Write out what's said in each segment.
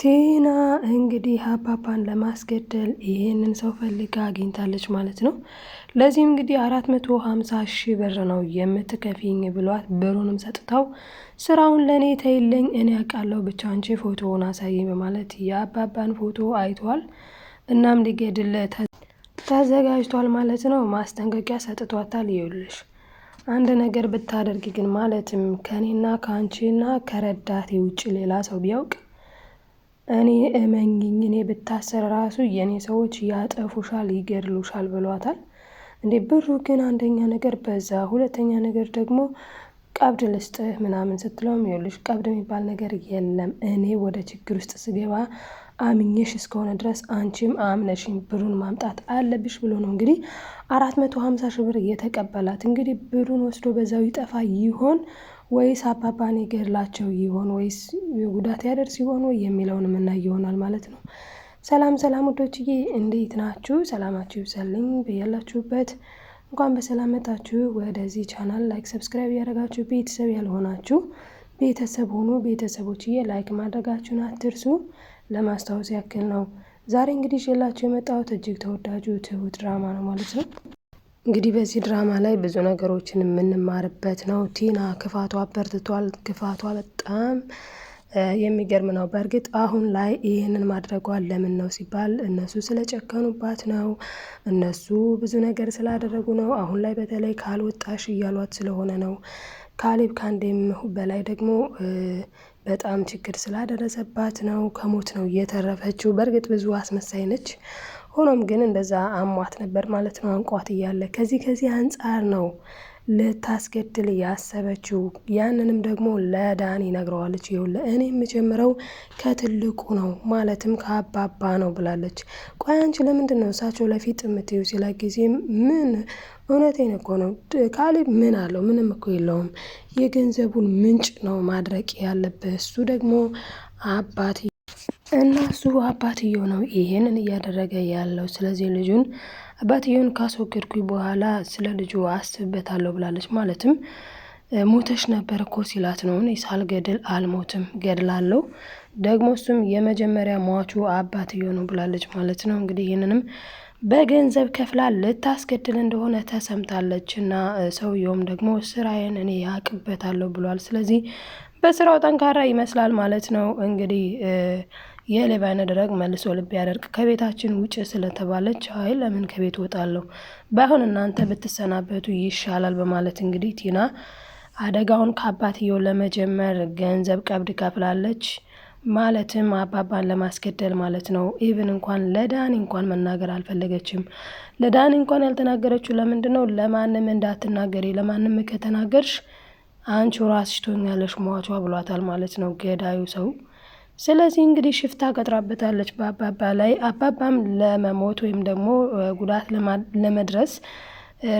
ቲና እንግዲህ አባባን ለማስገደል ይህንን ሰው ፈልጋ አግኝታለች ማለት ነው። ለዚህም እንግዲህ አራት መቶ ሀምሳ ሺህ ብር ነው የምትከፊኝ ብሏት ብሩንም ሰጥተው ስራውን ለእኔ ተይለኝ፣ እኔ ያውቃለሁ፣ ብቻ አንቺ ፎቶውን አሳይኝ በማለት የአባባን ፎቶ አይቷል። እናም ሊገድለት ተዘጋጅቷል ማለት ነው። ማስጠንቀቂያ ሰጥቷታል። ይውልሽ አንድ ነገር ብታደርጊ ግን ማለትም ከእኔና ከአንቺና ከረዳቴ ውጭ ሌላ ሰው ቢያውቅ እኔ እመኝኝ እኔ ብታሰር ራሱ የእኔ ሰዎች ያጠፉሻል፣ ይገድሉሻል ብሏታል። እንዴ ብሩ ግን አንደኛ ነገር በዛ፣ ሁለተኛ ነገር ደግሞ ቀብድ ልስጥህ ምናምን ስትለውም ይኸውልሽ ቀብድ የሚባል ነገር የለም። እኔ ወደ ችግር ውስጥ ስገባ አምኜሽ እስከሆነ ድረስ አንቺም አምነሽኝ ብሩን ማምጣት አለብሽ ብሎ ነው እንግዲህ አራት መቶ ሀምሳ ሺህ ብር እየተቀበላት እንግዲህ ብሩን ወስዶ በዛው ይጠፋ ይሆን ወይስ አባባን ይገድላቸው ይሆን ወይስ ጉዳት ያደርስ ይሆን ወይ የሚለውን የምናይ ይሆናል ማለት ነው። ሰላም ሰላም ውዶችዬ እንዴት ናችሁ? ሰላማችሁ ይብዛልኝ በያላችሁበት። እንኳን በሰላም መጣችሁ ወደዚህ ቻናል። ላይክ ሰብስክራይብ ያደረጋችሁ ቤተሰብ ያልሆናችሁ ቤተሰብ ሆኑ። ቤተሰቦችዬ ላይክ ማድረጋችሁን አትርሱ። ለማስታወስ ያክል ነው። ዛሬ እንግዲህ ይዤላችሁ የመጣሁት እጅግ ተወዳጁ ትሁት ድራማ ነው ማለት ነው። እንግዲህ በዚህ ድራማ ላይ ብዙ ነገሮችን የምንማርበት ነው። ቲና ክፋቷ በርትቷል። ክፋቷ በጣም የሚገርም ነው። በእርግጥ አሁን ላይ ይህንን ማድረጓ ለምን ነው ሲባል እነሱ ስለጨከኑባት ነው። እነሱ ብዙ ነገር ስላደረጉ ነው። አሁን ላይ በተለይ ካልወጣሽ እያሏት ስለሆነ ነው። ካሌብ ከአንዴም በላይ ደግሞ በጣም ችግር ስላደረሰባት ነው። ከሞት ነው እየተረፈችው። በእርግጥ ብዙ አስመሳይ ነች። ሆኖም ግን እንደዛ አሟት ነበር ማለት ነው፣ አንቋት እያለ ከዚህ ከዚህ አንጻር ነው ልታስገድል ያሰበችው። ያንንም ደግሞ ለዳን ይነግረዋለች። ይኸውልህ እኔ የምጀምረው ከትልቁ ነው ማለትም ከአባባ ነው ብላለች። ቆይ አንቺ ለምንድን ነው እሳቸው ለፊት የምትዩ ሲላ ጊዜ ምን እውነቴን እኮ ነው ካሌብ ምን አለው? ምንም እኮ የለውም። የገንዘቡን ምንጭ ነው ማድረቅ ያለብህ። እሱ ደግሞ አባት እና እሱ አባትየው ነው ይሄንን እያደረገ ያለው። ስለዚህ ልጁን አባትየውን ካስወገድኩኝ በኋላ ስለ ልጁ አስብበታለሁ ብላለች። ማለትም ሞተሽ ነበር እኮ ሲላት ነው። እኔ ሳልገድል አልሞትም፣ ገድላለሁ። ደግሞ እሱም የመጀመሪያ ሟቹ አባትየው ነው ብላለች ማለት ነው። እንግዲህ ይህንንም በገንዘብ ከፍላ ልታስገድል እንደሆነ ተሰምታለች። እና ሰውየውም ደግሞ ስራዬን እኔ ያቅበታለሁ ብሏል። ስለዚህ በስራው ጠንካራ ይመስላል ማለት ነው እንግዲህ አይነ ደረቅ መልሶ ልብ ያደርግ ከቤታችን ውጭ ስለተባለች አይ ለምን ከቤት ወጣለሁ፣ ባይሆን እናንተ ብትሰናበቱ ይሻላል በማለት እንግዲህ ቲና አደጋውን ከአባትየው ለመጀመር ገንዘብ ቀብድ ከፍላለች። ማለትም አባባን ለማስገደል ማለት ነው። ኢቭን እንኳን ለዳኒ እንኳን መናገር አልፈለገችም። ለዳኒ እንኳን ያልተናገረችው ለምንድን ነው? ለማንም እንዳትናገሪ፣ ለማንም ከተናገርሽ አንቺ ራስሽ ትሆኛለሽ ሟቿ ብሏታል ማለት ነው ገዳዩ ሰው ስለዚህ እንግዲህ ሽፍታ ቀጥራበታለች በአባባ ላይ። አባባም ለመሞት ወይም ደግሞ ጉዳት ለመድረስ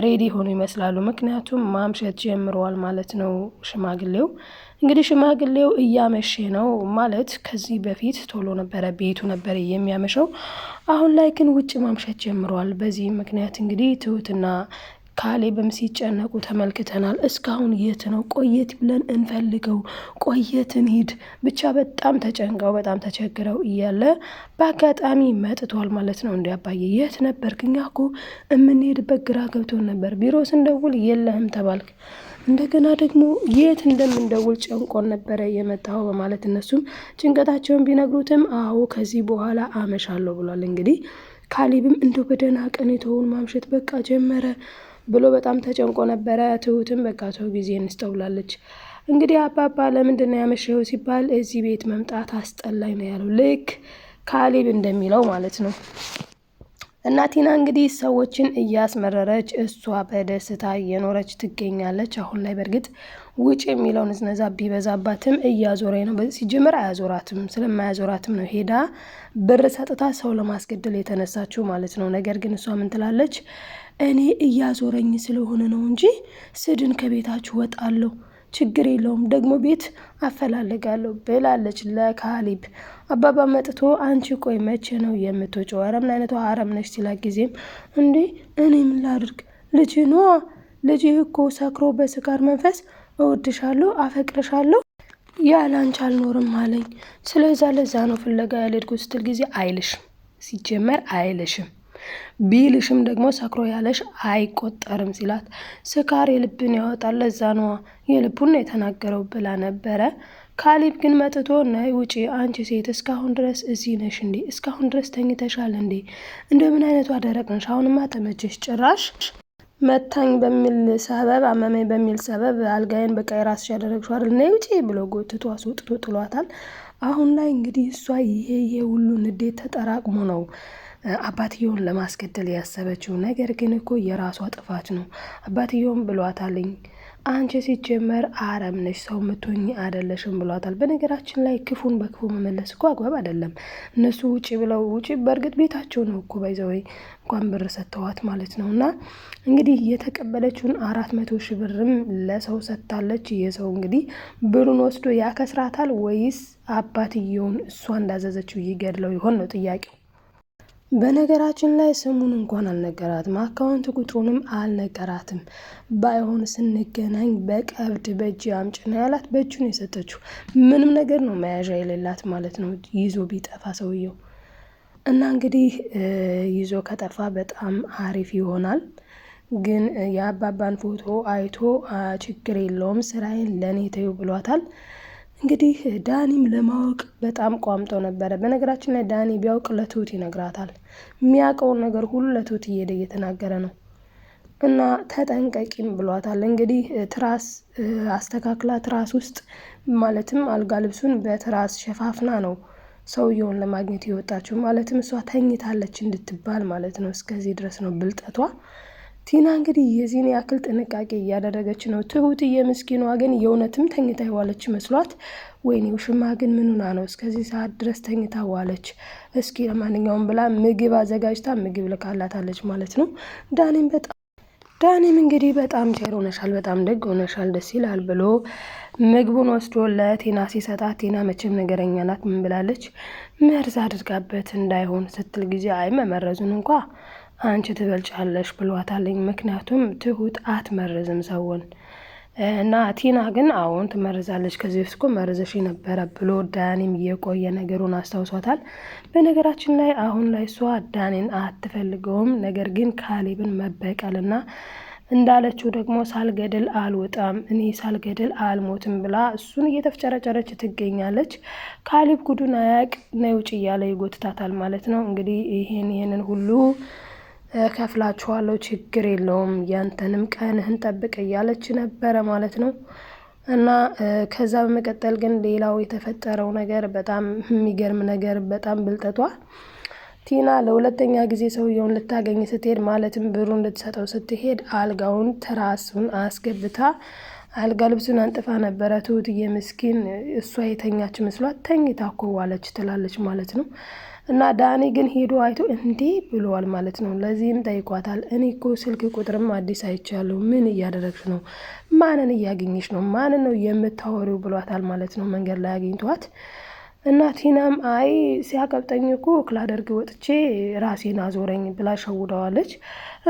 ሬዲ ሆኑ ይመስላሉ። ምክንያቱም ማምሸት ጀምረዋል ማለት ነው። ሽማግሌው እንግዲህ ሽማግሌው እያመሸ ነው ማለት ከዚህ በፊት ቶሎ ነበረ ቤቱ ነበር የሚያመሸው። አሁን ላይ ግን ውጭ ማምሸት ጀምረዋል። በዚህ ምክንያት እንግዲህ ትሁትና ካሌብም ሲጨነቁ ተመልክተናል። እስካሁን የት ነው? ቆየት ብለን እንፈልገው፣ ቆየትን ሂድ ብቻ በጣም ተጨንቀው በጣም ተቸግረው እያለ በአጋጣሚ መጥቷል ማለት ነው። እንዲ አባዬ የት ነበርክ? እኛ እኮ የምንሄድበት ግራ ገብቶን ነበር። ቢሮ ስንደውል የለህም ተባልክ። እንደገና ደግሞ የት እንደምንደውል ጨንቆን ነበረ የመጣው በማለት እነሱም ጭንቀታቸውን ቢነግሩትም አዎ ከዚህ በኋላ አመሻለሁ ብሏል። እንግዲህ ካሌብም እንደው በደህና ቀን የተውን ማምሸት በቃ ጀመረ። ብሎ በጣም ተጨንቆ ነበረ። ትሁትም በቃ ሰው ጊዜ እንስተውላለች። እንግዲህ አባባ ለምንድን ነው ያመሸው ሲባል እዚህ ቤት መምጣት አስጠላኝ ነው ያለው። ልክ ካሊብ እንደሚለው ማለት ነው። እና ቲና እንግዲህ ሰዎችን እያስመረረች እሷ በደስታ እየኖረች ትገኛለች። አሁን ላይ በእርግጥ ውጭ የሚለውን ዝነዛ ቢበዛባትም እያዞረ ነው። ሲጀምር አያዞራትም። ስለማያዞራትም ነው ሄዳ ብር ሰጥታ ሰው ለማስገደል የተነሳችው ማለት ነው። ነገር ግን እሷ ምን ትላለች? እኔ እያዞረኝ ስለሆነ ነው እንጂ ስድን ከቤታችሁ ወጣለሁ፣ ችግር የለውም ደግሞ ቤት አፈላልጋለሁ ብላለች ለካሊብ። አባባ መጥቶ አንቺ ቆይ መቼ ነው የምትወጪው? ኧረ ምን አይነቷ አረም ነች ሲላት ጊዜም እንዴ እኔ ምን ላድርግ ልጅ ነዋ ልጅ እኮ ሰክሮ በስካር መንፈስ እወድሻለሁ፣ አፈቅርሻለሁ ያለ አንቺ አልኖርም አለኝ። ስለዛ ለዛ ነው ፍለጋ ያልሄድኩት ስትል ጊዜ አይልሽም ሲጀመር አይልሽም ቢልሽም ደግሞ ሰክሮ ያለሽ አይቆጠርም ሲላት፣ ስካር የልብን ያወጣል፣ ለዛ ነዋ የልቡን የተናገረው ብላ ነበረ። ካሊብ ግን መጥቶ ነይ ውጪ አንቺ ሴት እስካሁን ድረስ እዚህ ነሽ እንዴ? እስካሁን ድረስ ተኝተሻል እንዴ? እንደምን አይነቱ አደረቅ ነሽ? አሁንማ ተመቸሽ ጭራሽ መታኝ በሚል ሰበብ አመመኝ በሚል ሰበብ አልጋዬን በቃ የራስሽ ያደረግሽው አይደል? ነይ ውጪ ብሎ ጎትቶ አስወጥቶ ጥሏታል። አሁን ላይ እንግዲህ እሷ ይሄ ይሄ ሁሉ ንዴት ተጠራቅሞ ነው አባትየውን ለማስገደል ያሰበችው። ነገር ግን እኮ የራሷ ጥፋት ነው። አባትየውን ብሏታልኝ አንቺ ሲጀመር አረም ነሽ፣ ሰው ምቶኝ አይደለሽም ብሏታል። በነገራችን ላይ ክፉን በክፉ መመለስ እኮ አግባብ አይደለም። እነሱ ውጭ ብለው ውጭ በእርግጥ ቤታቸው ነው እኮ ባይዘወይ እንኳን ብር ሰጥተዋት ማለት ነው። እና እንግዲህ የተቀበለችውን አራት መቶ ሺ ብርም ለሰው ሰጥታለች። የሰው እንግዲህ ብሩን ወስዶ ያከስራታል ወይስ አባትየውን እሷ እንዳዘዘችው ይገድለው ይሆን ነው ጥያቄው። በነገራችን ላይ ስሙን እንኳን አልነገራትም፣ አካውንት ቁጥሩንም አልነገራትም። ባይሆን ስንገናኝ በቀብድ በእጅ አምጭና ያላት በእጁን የሰጠችው። ምንም ነገር ነው መያዣ የሌላት ማለት ነው፣ ይዞ ቢጠፋ ሰውየው እና እንግዲህ ይዞ ከጠፋ በጣም አሪፍ ይሆናል። ግን የአባባን ፎቶ አይቶ ችግር የለውም ስራዬን ለእኔ ተዩ ብሏታል። እንግዲህ ዳኒም ለማወቅ በጣም ቋምጦ ነበረ። በነገራችን ላይ ዳኒ ቢያውቅ ለትሁት ይነግራታል። የሚያውቀውን ነገር ሁሉ ለትሁት እየሄደ እየተናገረ ነው እና ተጠንቀቂም ብሏታል። እንግዲህ ትራስ አስተካክላ ትራስ ውስጥ ማለትም አልጋ ልብሱን በትራስ ሸፋፍና ነው ሰውየውን ለማግኘት የወጣችው። ማለትም እሷ ተኝታለች እንድትባል ማለት ነው። እስከዚህ ድረስ ነው ብልጠቷ። ቲና እንግዲህ የዚህን ያክል ጥንቃቄ እያደረገች ነው። ትሁትዬ ምስኪኗ ግን የእውነትም ተኝታ የዋለች መስሏት፣ ወይኔ ውሽማ ግን ምኑና ነው እስከዚህ ሰዓት ድረስ ተኝታ ዋለች? እስኪ ለማንኛውም ብላ ምግብ አዘጋጅታ ምግብ ልካላታለች ማለት ነው። ዳኔም በጣም ዳኒም እንግዲህ በጣም ቸር ሆነሻል፣ በጣም ደግ ሆነሻል፣ ደስ ይላል ብሎ ምግቡን ወስዶ ለቴና ሲሰጣት ቴና መቼም ነገረኛ ናት። ምን ብላለች? መርዝ አድርጋበት እንዳይሆን ስትል ጊዜ አይ መመረዙን እንኳ አንቺ ትበልጫለሽ ብሏታለኝ። ምክንያቱም ትሁት አትመርዝም ሰውን እና ቲና ግን አሁን ትመርዛለች፣ ከዚህ በፊት እኮ መርዘሽ ነበረ ብሎ ዳኒም የቆየ ነገሩን አስታውሷታል። በነገራችን ላይ አሁን ላይ እሷ ዳኒን አትፈልገውም። ነገር ግን ካሌብን መበቀልና እንዳለችው ደግሞ ሳልገድል አልወጣም እኔ ሳልገድል አልሞትም ብላ እሱን እየተፍጨረጨረች ትገኛለች። ካሌብ ጉዱን አያቅ ነውጭ እያለ ይጎትታታል ማለት ነው። እንግዲህ ይሄን ይሄንን ሁሉ ከፍላችኋለሁ፣ ችግር የለውም ያንተንም ቀንህን ጠብቅ እያለች ነበረ ማለት ነው። እና ከዛ በመቀጠል ግን ሌላው የተፈጠረው ነገር በጣም የሚገርም ነገር፣ በጣም ብልጠቷ ቲና ለሁለተኛ ጊዜ ሰውየውን ልታገኝ ስትሄድ ማለትም ብሩን ልትሰጠው ስትሄድ አልጋውን ትራሱን አስገብታ አልጋ ልብሱን አንጥፋ ነበረ። ትሁትዬ ምስኪን እሷ የተኛች መስሏት ተኝታ እኮ ዋለች ትላለች ማለት ነው። እና ዳኒ ግን ሄዶ አይቶ እንዲህ ብለዋል ማለት ነው። ለዚህም ጠይቋታል። እኔ እኮ ስልክ ቁጥርም አዲስ አይቻለሁ። ምን እያደረግሽ ነው? ማንን እያገኘሽ ነው? ማንን ነው የምታወሪው? ብሏታል ማለት ነው። መንገድ ላይ አግኝቷት እና ቲናም አይ ሲያቀብጠኝ እኮ ክላደርግ ወጥቼ ራሴን አዞረኝ ብላ ሸውደዋለች።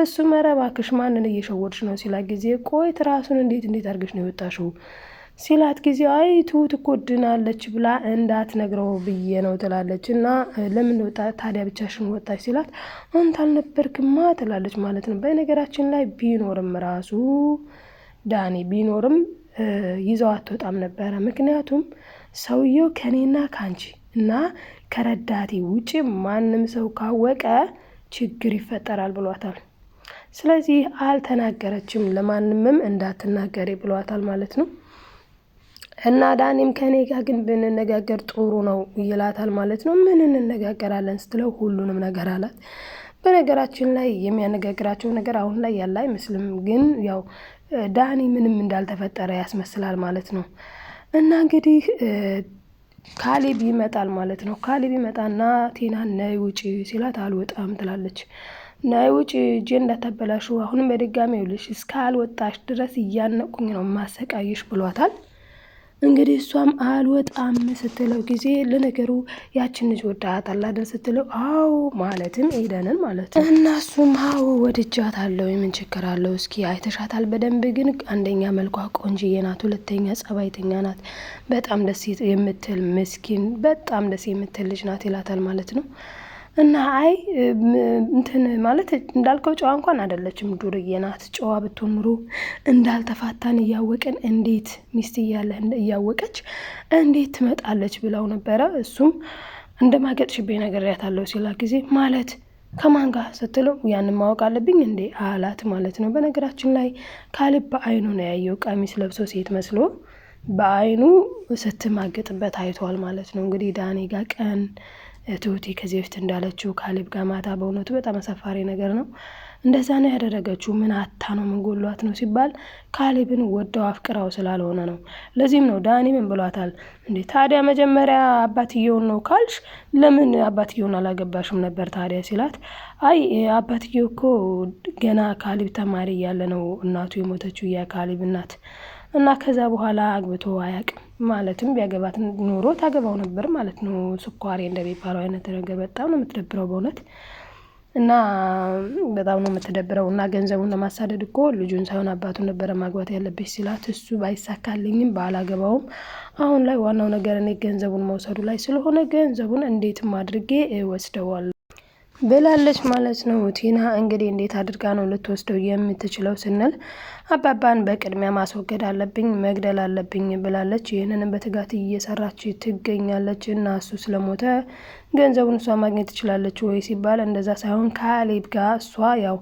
እሱ መረባክሽ ማንን እየሸወድሽ ነው ሲላ ጊዜ ቆይት ራሱን እንዴት እንዴት አድርገሽ ነው የወጣሽው ሲላት ጊዜ አይ ትሁት እኮ ድናለች ብላ እንዳትነግረው ብዬ ነው ትላለች። እና ለምን ወጣ ታዲያ ብቻሽን ወጣች ሲላት አንተ አልነበርክማ ትላለች ማለት ነው። በነገራችን ላይ ቢኖርም ራሱ ዳኔ ቢኖርም ይዘው አትወጣም ነበረ። ምክንያቱም ሰውየው ከኔና ከአንቺ እና ከረዳቴ ውጪ ማንም ሰው ካወቀ ችግር ይፈጠራል ብሏታል። ስለዚህ አልተናገረችም፣ ለማንምም እንዳትናገሬ ብሏታል ማለት ነው። እና ዳኒም ከኔ ጋር ግን ብንነጋገር ጥሩ ነው ይላታል ማለት ነው። ምን እንነጋገራለን ስትለው ሁሉንም ነገር አላት። በነገራችን ላይ የሚያነጋግራቸው ነገር አሁን ላይ ያለ አይመስልም፣ ግን ያው ዳኒ ምንም እንዳልተፈጠረ ያስመስላል ማለት ነው። እና እንግዲህ ካሌብ ይመጣል ማለት ነው። ካሌብ ይመጣና ቴናን ነይ ውጪ ሲላት አልወጣም ትላለች። ናይ ውጪ እጄ እንዳታበላሹ አሁንም በድጋሚ ይኸውልሽ እስካልወጣሽ ድረስ እያነቁኝ ነው ማሰቃየሽ ብሏታል። እንግዲህ እሷም አልወጣም ስትለው ጊዜ ለነገሩ ያችን ልጅ ወዳሃታል አይደል ስትለው አዎ ማለትም ኤደንን ማለት ነው። እና እሱም አዎ ወድጃታለሁ፣ የምን ችግር አለው? እስኪ አይተሻታል በደንብ ግን አንደኛ መልኳ ቆንጅዬ ናት፣ ሁለተኛ ጸባይተኛ ናት፣ በጣም ደስ የምትል ምስኪን፣ በጣም ደስ የምትል ልጅ ናት ይላታል ማለት ነው። እና አይ እንትን ማለት እንዳልከው ጨዋ እንኳን አይደለችም፣ ዱርዬ ናት። ጨዋ ብትምሩ እንዳልተፋታን እያወቅን እንዴት ሚስት እያለ እያወቀች እንዴት ትመጣለች ብለው ነበረ። እሱም እንደማገጥሽብኝ ነግሬያታለሁ ሲላ ጊዜ ማለት ከማን ጋር ስትለው ያንን ማወቅ አለብኝ እንዴ አላት ማለት ነው። በነገራችን ላይ ካልብ በአይኑ ነው ያየው፣ ቀሚስ ለብሶ ሴት መስሎ በአይኑ ስትማገጥበት አይቷል ማለት ነው። እንግዲህ ዳኔ ጋር ቀን ትሁቴ ከዚህ በፊት እንዳለችው ካሌብ ጋር ማታ በእውነቱ በጣም አሳፋሪ ነገር ነው። እንደዛ ነው ያደረገችው። ምን አታ ነው ምን ጎሏት ነው ሲባል ካሌብን ወደው አፍቅራው ስላልሆነ ነው። ለዚህም ነው ዳኒ ምን ብሏታል እንዴ? ታዲያ መጀመሪያ አባትየውን ነው ካልሽ ለምን አባትየውን አላገባሽም ነበር ታዲያ ሲላት፣ አይ አባትየው እኮ ገና ካሌብ ተማሪ እያለ ነው እናቱ የሞተችው የካሌብ እናት እና ከዛ በኋላ አግብቶ አያውቅም። ማለትም ቢያገባት ኖሮ ታገባው ነበር ማለት ነው። ስኳሬ እንደሚባለው አይነት ነገር በጣም ነው የምትደብረው በእውነት እና በጣም ነው የምትደብረው። እና ገንዘቡን ለማሳደድ እኮ ልጁን ሳይሆን አባቱን ነበረ ማግባት ያለብሽ ሲላት፣ እሱ ባይሳካልኝም ባላገባውም አሁን ላይ ዋናው ነገር እኔ ገንዘቡን መውሰዱ ላይ ስለሆነ ገንዘቡን እንዴትም አድርጌ ወስደዋል ብላለች ማለት ነው። ቲና እንግዲህ እንዴት አድርጋ ነው ልትወስደው የምትችለው ስንል አባባን በቅድሚያ ማስወገድ አለብኝ፣ መግደል አለብኝ ብላለች። ይህንንም በትጋት እየሰራች ትገኛለች እና እሱ ስለሞተ ገንዘቡን እሷ ማግኘት ትችላለች ወይ ሲባል እንደዛ ሳይሆን ካሌብ ጋር እሷ ያው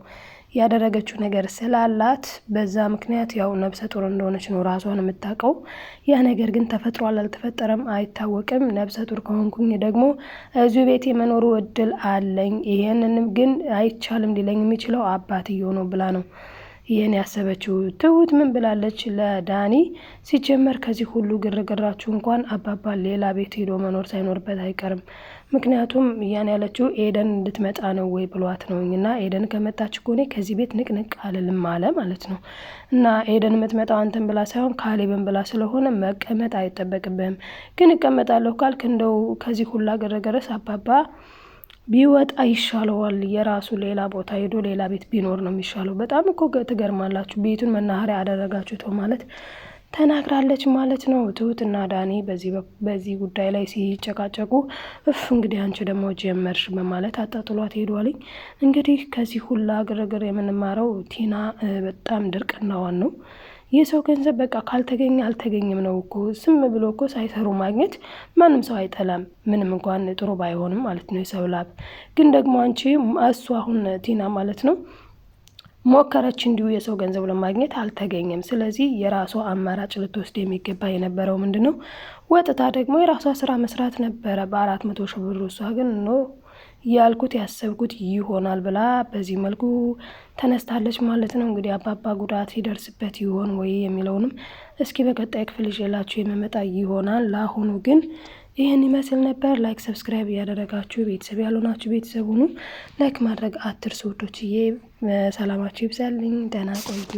ያደረገችው ነገር ስላላት በዛ ምክንያት ያው ነብሰ ጡር እንደሆነች ነው ራሷን የምታውቀው። ያ ነገር ግን ተፈጥሯል አልተፈጠረም አይታወቅም። ነብሰ ጡር ከሆንኩኝ ደግሞ እዚሁ ቤት የመኖሩ እድል አለኝ፣ ይሄንንም ግን አይቻልም ሊለኝ የሚችለው አባትየው ነው ብላ ነው ይህን ያሰበችው ትሁት ምን ብላለች ለዳኒ? ሲጀመር ከዚህ ሁሉ ግርግራችሁ እንኳን አባባ ሌላ ቤት ሄዶ መኖር ሳይኖርበት አይቀርም። ምክንያቱም ያን ያለችው ኤደን እንድትመጣ ነው ወይ ብሏት ነው እና ኤደን ከመጣች እኮ እኔ ከዚህ ቤት ንቅንቅ አልልም አለ ማለት ነው። እና ኤደን የምትመጣው አንተን ብላ ሳይሆን ካሌብን ብላ ስለሆነ መቀመጥ አይጠበቅብህም። ግን እቀመጣለሁ ካልክ እንደው ከዚህ ሁላ ግርግርስ አባባ ቢወጣ ይሻለዋል። የራሱ ሌላ ቦታ ሄዶ ሌላ ቤት ቢኖር ነው የሚሻለው። በጣም እኮ ትገርማላችሁ። ቤቱን መናኸሪያ አደረጋችሁት ማለት ተናግራለች ማለት ነው። ትሁት እና ዳኒ በዚህ ጉዳይ ላይ ሲጨቃጨቁ እፍ እንግዲህ አንቺ ደግሞ ጀመርሽ በማለት አጣጥሏት ሄዷል። እንግዲህ ከዚህ ሁላ ግርግር የምንማረው ቲና በጣም ድርቅናዋን ነው። የሰው ገንዘብ በቃ ካልተገኘ አልተገኘም ነው እኮ። ዝም ብሎ እኮ ሳይሰሩ ማግኘት ማንም ሰው አይጠላም፣ ምንም እንኳን ጥሩ ባይሆንም ማለት ነው የሰው ላብ። ግን ደግሞ አንቺ እሱ አሁን ቲና ማለት ነው ሞከረች እንዲሁ የሰው ገንዘብ ለማግኘት አልተገኘም። ስለዚህ የራሷ አማራጭ ልትወስድ የሚገባ የነበረው ምንድን ነው? ወጥታ ደግሞ የራሷ ስራ መስራት ነበረ በአራት መቶ ሺህ ብር። እሷ ግን ኖ ያልኩት ያሰብኩት ይሆናል ብላ በዚህ መልኩ ተነስታለች ማለት ነው። እንግዲህ አባባ ጉዳት ይደርስበት ይሆን ወይ የሚለውንም እስኪ በቀጣይ ክፍል ይዤላችሁ የመመጣ ይሆናል። ለአሁኑ ግን ይህን ይመስል ነበር። ላይክ ሰብስክራይብ እያደረጋችሁ ቤተሰብ ያልሆናችሁ ቤተሰብ ሁኑ። ላይክ ማድረግ አትርሱ ውዶችዬ። ሰላማችሁ ይብዛልኝ። ደህና ቆዩ።